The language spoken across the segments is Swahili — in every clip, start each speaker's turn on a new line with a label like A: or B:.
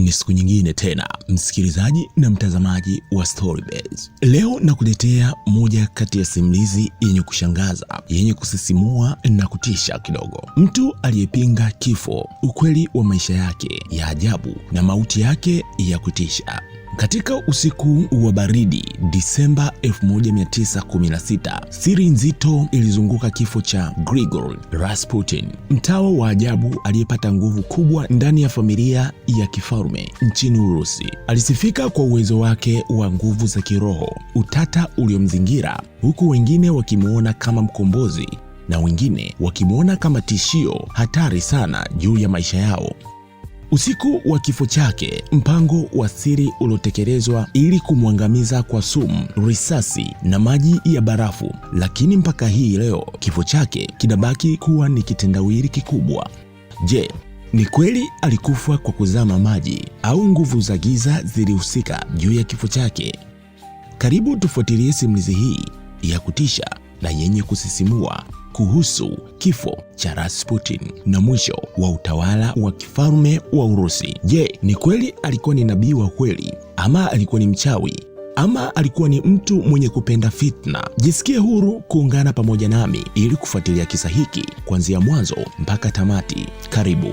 A: ni siku nyingine tena, msikilizaji na mtazamaji wa Storybase. Leo nakuletea moja kati ya simulizi yenye kushangaza, yenye kusisimua na kutisha kidogo. Mtu aliyepinga kifo, ukweli wa maisha yake ya ajabu na mauti yake ya kutisha. Katika usiku wa baridi Disemba 1916, siri nzito ilizunguka kifo cha Grigor Rasputin, mtawa wa ajabu aliyepata nguvu kubwa ndani ya familia ya kifalme nchini Urusi. Alisifika kwa uwezo wake wa nguvu za kiroho, utata uliomzingira, huku wengine wakimwona kama mkombozi na wengine wakimwona kama tishio hatari sana juu ya maisha yao. Usiku wa kifo chake, mpango wa siri uliotekelezwa ili kumwangamiza kwa sumu, risasi na maji ya barafu. Lakini mpaka hii leo kifo chake kinabaki kuwa ni kitendawili kikubwa. Je, ni kweli alikufa kwa kuzama maji au nguvu za giza zilihusika juu ya kifo chake? Karibu tufuatilie simulizi hii ya kutisha na yenye kusisimua kuhusu kifo cha Rasputin na mwisho wa utawala wa kifalme wa Urusi. Je, ni kweli alikuwa ni nabii wa kweli ama alikuwa ni mchawi ama alikuwa ni mtu mwenye kupenda fitna? Jisikie huru kuungana pamoja nami ili kufuatilia kisa hiki kuanzia mwanzo mpaka tamati. Karibu.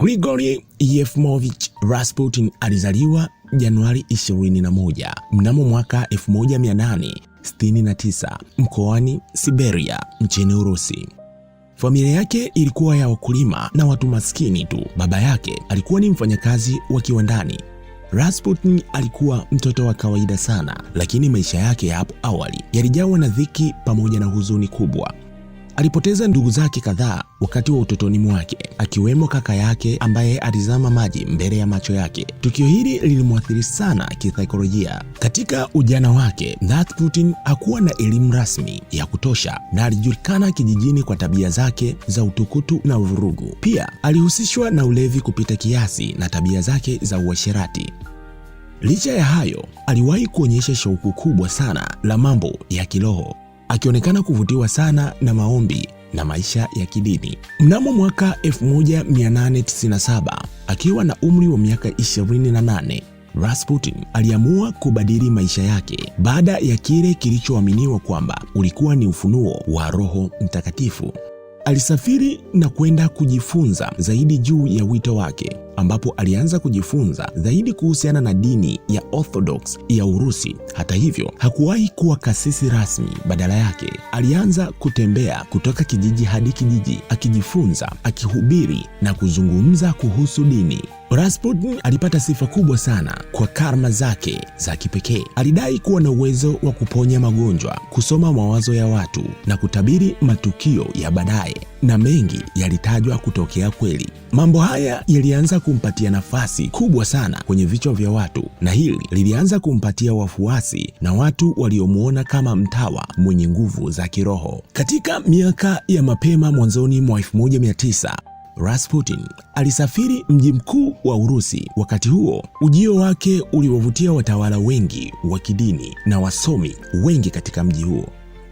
A: Grigori Yefimovich Rasputin alizaliwa Januari 21 mnamo mwaka 1869 mkoani Siberia nchini Urusi. Familia yake ilikuwa ya wakulima na watu maskini tu. Baba yake alikuwa ni mfanyakazi wa kiwandani. Rasputin alikuwa mtoto wa kawaida sana, lakini maisha yake ya hapo awali yalijawa na dhiki pamoja na huzuni kubwa. Alipoteza ndugu zake kadhaa wakati wa utotoni mwake, akiwemo kaka yake ambaye alizama maji mbele ya macho yake. Tukio hili lilimwathiri sana kisaikolojia. Katika ujana wake, Putin hakuwa na elimu rasmi ya kutosha na alijulikana kijijini kwa tabia zake za utukutu na uvurugu. Pia alihusishwa na ulevi kupita kiasi na tabia zake za uasherati. Licha ya hayo, aliwahi kuonyesha shauku kubwa sana la mambo ya kiroho akionekana kuvutiwa sana na maombi na maisha ya kidini. Mnamo mwaka 1897 akiwa na umri wa miaka 28, Rasputin aliamua kubadili maisha yake baada ya kile kilichoaminiwa kwamba ulikuwa ni ufunuo wa Roho Mtakatifu. Alisafiri na kwenda kujifunza zaidi juu ya wito wake ambapo alianza kujifunza zaidi kuhusiana na dini ya Orthodox ya Urusi. Hata hivyo, hakuwahi kuwa kasisi rasmi. Badala yake, alianza kutembea kutoka kijiji hadi kijiji akijifunza, akihubiri na kuzungumza kuhusu dini. Rasputin alipata sifa kubwa sana kwa karma zake za kipekee. Alidai kuwa na uwezo wa kuponya magonjwa, kusoma mawazo ya watu na kutabiri matukio ya baadaye, na mengi yalitajwa kutokea kweli. Mambo haya yalianza kumpatia nafasi kubwa sana kwenye vichwa vya watu, na hili lilianza kumpatia wafuasi na watu waliomwona kama mtawa mwenye nguvu za kiroho. Katika miaka ya mapema mwanzoni mwa 1900 Rasputin alisafiri mji mkuu wa Urusi. Wakati huo, ujio wake uliwavutia watawala wengi wa kidini na wasomi wengi katika mji huo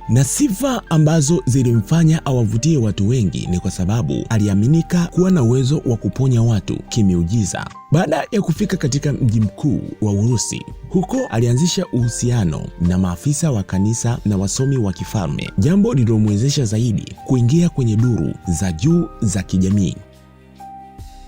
A: na sifa ambazo zilimfanya awavutie watu wengi ni kwa sababu aliaminika kuwa na uwezo wa kuponya watu kimiujiza. Baada ya kufika katika mji mkuu wa Urusi, huko alianzisha uhusiano na maafisa wa kanisa na wasomi wa kifalme, jambo lililomwezesha zaidi kuingia kwenye duru za juu za kijamii.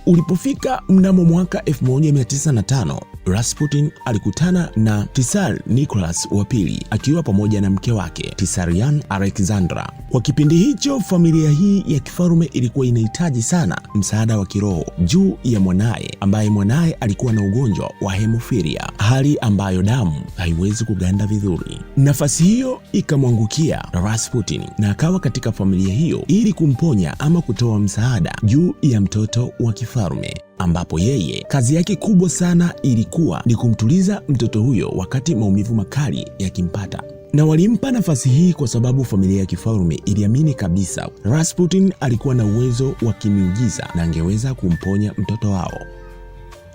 A: Ulipofika mnamo mwaka 1905 Rasputin alikutana na Tsar Nicholas wa pili akiwa pamoja na mke wake Tsarian Alexandra. Kwa kipindi hicho, familia hii ya kifalme ilikuwa inahitaji sana msaada wa kiroho juu ya mwanaye ambaye mwanaye alikuwa na ugonjwa wa hemofilia, hali ambayo damu haiwezi kuganda vizuri. Nafasi hiyo ikamwangukia Rasputin na akawa katika familia hiyo ili kumponya ama kutoa msaada juu ya mtoto wa kifalme ambapo yeye kazi yake kubwa sana ilikuwa ni kumtuliza mtoto huyo wakati maumivu makali yakimpata na walimpa nafasi hii kwa sababu familia ya kifalme iliamini kabisa Rasputin alikuwa na uwezo wa kimiujiza na angeweza kumponya mtoto wao.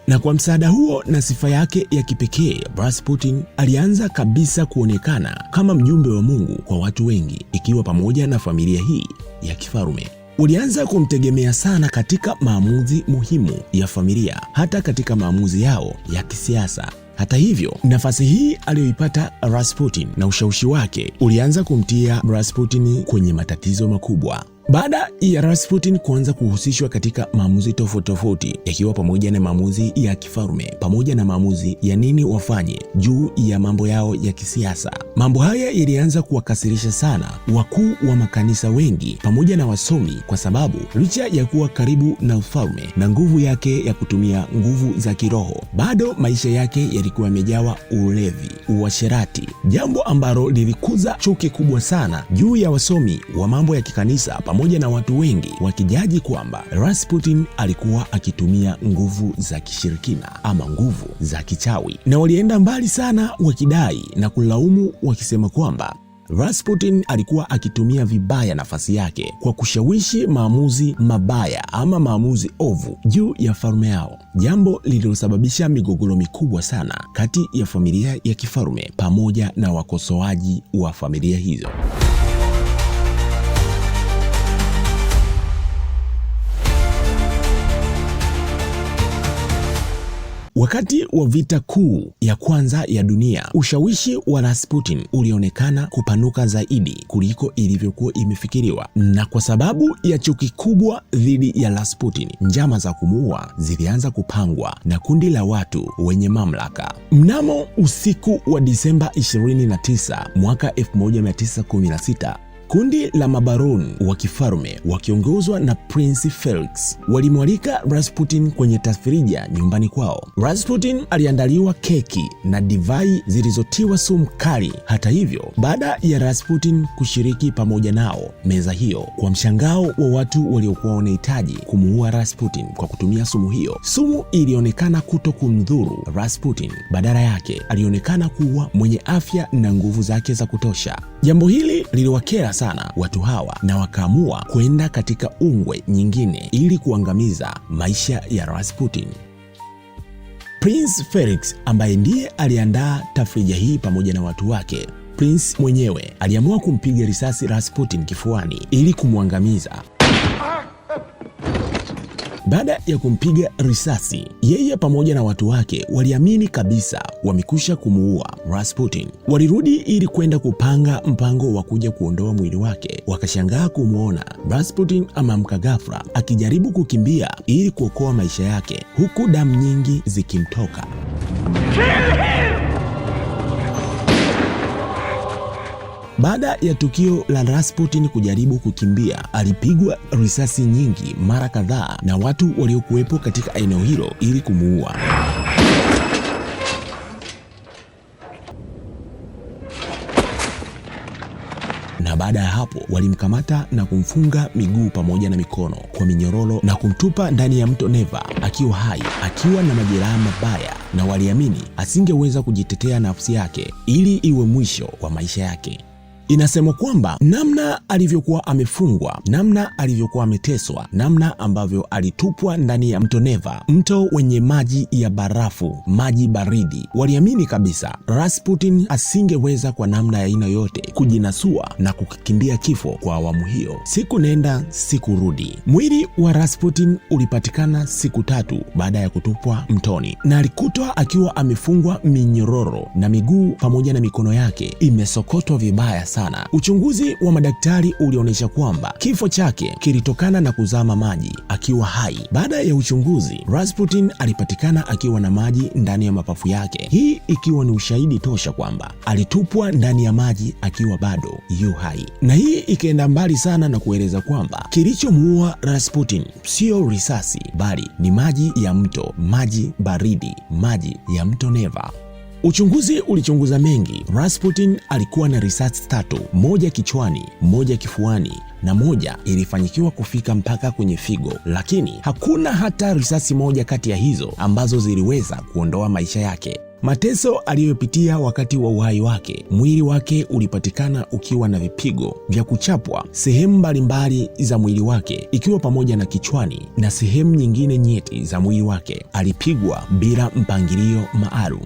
A: Na kwa msaada huo na sifa yake ya kipekee, Rasputin alianza kabisa kuonekana kama mjumbe wa Mungu kwa watu wengi, ikiwa pamoja na familia hii ya kifalme ulianza kumtegemea sana katika maamuzi muhimu ya familia, hata katika maamuzi yao ya kisiasa. Hata hivyo, nafasi hii aliyoipata Rasputin na ushawishi wake ulianza kumtia Rasputin kwenye matatizo makubwa. Baada ya Putin kuanza kuhusishwa katika maamuzi tofauti tofauti, yakiwa pamoja na maamuzi ya kifalme pamoja na maamuzi ya nini wafanye juu ya mambo yao ya kisiasa, mambo haya yalianza kuwakasirisha sana wakuu wa makanisa wengi pamoja na wasomi, kwa sababu licha ya kuwa karibu na ufalme na nguvu yake ya kutumia nguvu za kiroho, bado maisha yake yalikuwa yamejawa ulevi, uasherati, jambo ambalo lilikuza chuki kubwa sana juu ya wasomi wa mambo ya kikanisa pamoja na watu wengi wakijaji kwamba Rasputin alikuwa akitumia nguvu za kishirikina ama nguvu za kichawi, na walienda mbali sana wakidai na kulaumu wakisema kwamba Rasputin alikuwa akitumia vibaya nafasi yake kwa kushawishi maamuzi mabaya ama maamuzi ovu juu ya falme yao, jambo lililosababisha migogoro mikubwa sana kati ya familia ya kifalme pamoja na wakosoaji wa familia hizo. Wakati wa vita kuu ya kwanza ya dunia, ushawishi wa Rasputin ulionekana kupanuka zaidi kuliko ilivyokuwa imefikiriwa, na kwa sababu ya chuki kubwa dhidi ya Rasputin, njama za kumuua zilianza kupangwa na kundi la watu wenye mamlaka. Mnamo usiku wa Disemba 29 mwaka 1916 Kundi la mabaroni wa kifalme wakiongozwa na Prince Felix walimwalika Rasputin kwenye tafrija nyumbani kwao. Rasputin aliandaliwa keki na divai zilizotiwa sumu kali. Hata hivyo, baada ya Rasputin kushiriki pamoja nao meza hiyo, kwa mshangao wa watu waliokuwa wanahitaji kumuua Rasputin kwa kutumia sumu hiyo, sumu ilionekana kuto kumdhuru Rasputin. Badala yake alionekana kuwa mwenye afya na nguvu zake za kutosha. Jambo hili liliwakera sana watu hawa na wakaamua kwenda katika ungwe nyingine ili kuangamiza maisha ya Rasputin. Prince Felix ambaye ndiye aliandaa tafrija hii pamoja na watu wake, Prince mwenyewe aliamua kumpiga risasi Rasputin kifuani ili kumwangamiza. Baada ya kumpiga risasi, yeye pamoja na watu wake waliamini kabisa wamekwisha kumuua Rasputin. Walirudi ili kwenda kupanga mpango wa kuja kuondoa mwili wake, wakashangaa kumwona Rasputin amamka ghafla akijaribu kukimbia ili kuokoa maisha yake, huku damu nyingi zikimtoka. Kill him! Baada ya tukio la Rasputin kujaribu kukimbia, alipigwa risasi nyingi mara kadhaa na watu waliokuwepo katika eneo hilo ili kumuua. na baada ya hapo walimkamata na kumfunga miguu pamoja na mikono kwa minyororo na kumtupa ndani ya mto Neva akiwa hai, akiwa na majeraha mabaya, na waliamini asingeweza kujitetea nafsi yake, ili iwe mwisho wa maisha yake inasema kwamba namna alivyokuwa amefungwa, namna alivyokuwa ameteswa, namna ambavyo alitupwa ndani ya mto Neva, mto wenye maji ya barafu, maji baridi. Waliamini kabisa Rasputin asingeweza kwa namna ya aina yote kujinasua na kukikimbia kifo kwa awamu hiyo. Siku nenda siku rudi, mwili wa Rasputin ulipatikana siku tatu baada ya kutupwa mtoni, na alikutwa akiwa amefungwa minyororo na miguu pamoja na mikono yake imesokotwa vibaya sana sana. Uchunguzi wa madaktari ulionyesha kwamba kifo chake kilitokana na kuzama maji akiwa hai. Baada ya uchunguzi, Rasputin alipatikana akiwa na maji ndani ya mapafu yake, hii ikiwa ni ushahidi tosha kwamba alitupwa ndani ya maji akiwa bado yu hai, na hii ikaenda mbali sana na kueleza kwamba kilichomuua Rasputin sio risasi, bali ni maji ya mto, maji baridi, maji ya mto Neva. Uchunguzi ulichunguza mengi. Rasputin alikuwa na risasi tatu, moja kichwani, moja kifuani na moja ilifanyikiwa kufika mpaka kwenye figo, lakini hakuna hata risasi moja kati ya hizo ambazo ziliweza kuondoa maisha yake. Mateso aliyopitia wakati wa uhai wake, mwili wake ulipatikana ukiwa na vipigo vya kuchapwa sehemu mbalimbali za mwili wake, ikiwa pamoja na kichwani na sehemu nyingine nyeti za mwili wake. Alipigwa bila mpangilio maalum.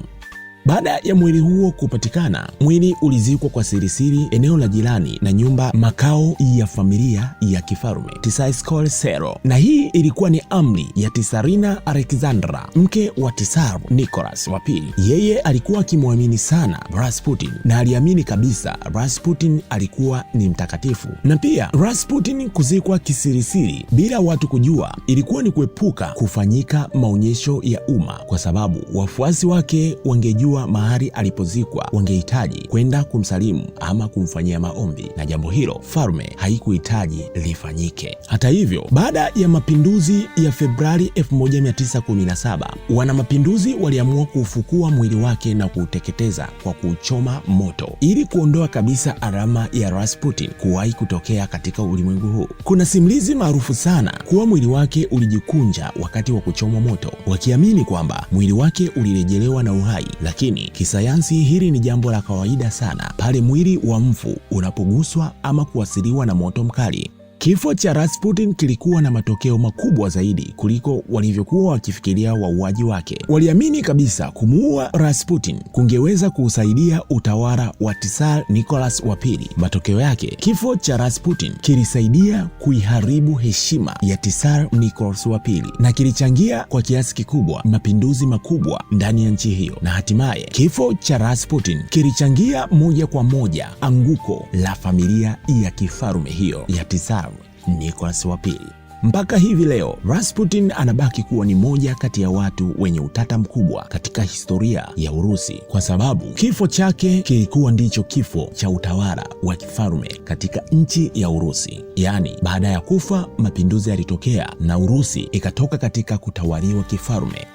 A: Baada ya mwili huo kupatikana, mwili ulizikwa kwa sirisiri eneo la jirani na nyumba makao ya familia ya kifalme Tisaiskol Sero, na hii ilikuwa ni amri ya Tisarina Alexandra, mke wa Tisar Nicholas wa pili. Yeye alikuwa akimwamini sana Rasputin na aliamini kabisa Rasputin alikuwa ni mtakatifu, na pia Rasputin kuzikwa kisirisiri bila watu kujua ilikuwa ni kuepuka kufanyika maonyesho ya umma, kwa sababu wafuasi wake wangejua kujua mahali alipozikwa, wangehitaji kwenda kumsalimu ama kumfanyia maombi, na jambo hilo falme haikuhitaji lifanyike. Hata hivyo, baada ya mapinduzi ya Februari 1917 wanamapinduzi waliamua kuufukua mwili wake na kuuteketeza kwa kuuchoma moto ili kuondoa kabisa alama ya Rasputin kuwahi kutokea katika ulimwengu huu. Kuna simulizi maarufu sana kuwa mwili wake ulijikunja wakati wa kuchomwa moto, wakiamini kwamba mwili wake ulirejelewa na uhai, lakini lakini kisayansi hili ni jambo la kawaida sana pale mwili wa mfu unapoguswa ama kuathiriwa na moto mkali. Kifo cha Rasputin kilikuwa na matokeo makubwa zaidi kuliko walivyokuwa wakifikiria wauaji wake. Waliamini kabisa kumuua Rasputin kungeweza kuusaidia utawala wa Tsar Nicholas wa pili. Matokeo yake, kifo cha Rasputin kilisaidia kuiharibu heshima ya Tsar Nicholas wa pili na kilichangia kwa kiasi kikubwa mapinduzi makubwa ndani ya nchi hiyo, na hatimaye kifo cha Rasputin kilichangia moja kwa moja anguko la familia ya kifalme hiyo ya Tsar. Nicholas wa pili. Mpaka hivi leo Rasputin anabaki kuwa ni moja kati ya watu wenye utata mkubwa katika historia ya Urusi kwa sababu kifo chake kilikuwa ndicho kifo cha utawala wa kifalme katika nchi ya Urusi. Yaani, baada ya kufa mapinduzi yalitokea na Urusi ikatoka katika kutawaliwa kifalme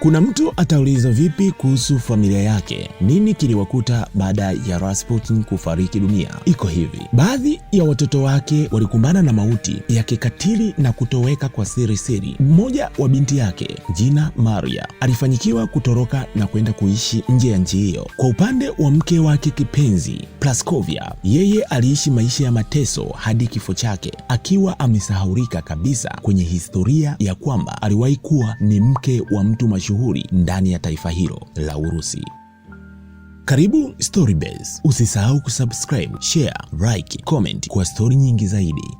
A: kuna mtu atauliza vipi kuhusu familia yake? Nini kiliwakuta baada ya Rasputin kufariki dunia? Iko hivi, baadhi ya watoto wake walikumbana na mauti ya kikatili na kutoweka kwa siri siri. Mmoja wa binti yake jina Maria alifanyikiwa kutoroka na kwenda kuishi nje ya nchi hiyo. Kwa upande wa mke wake kipenzi Praskovia, yeye aliishi maisha ya mateso hadi kifo chake, akiwa amesahaurika kabisa kwenye historia ya kwamba aliwahi kuwa ni mke wa mtu mashu mashuhuri ndani ya taifa hilo la Urusi. Karibu Storybase. Usisahau kusubscribe, share, like, comment kwa stori nyingi zaidi.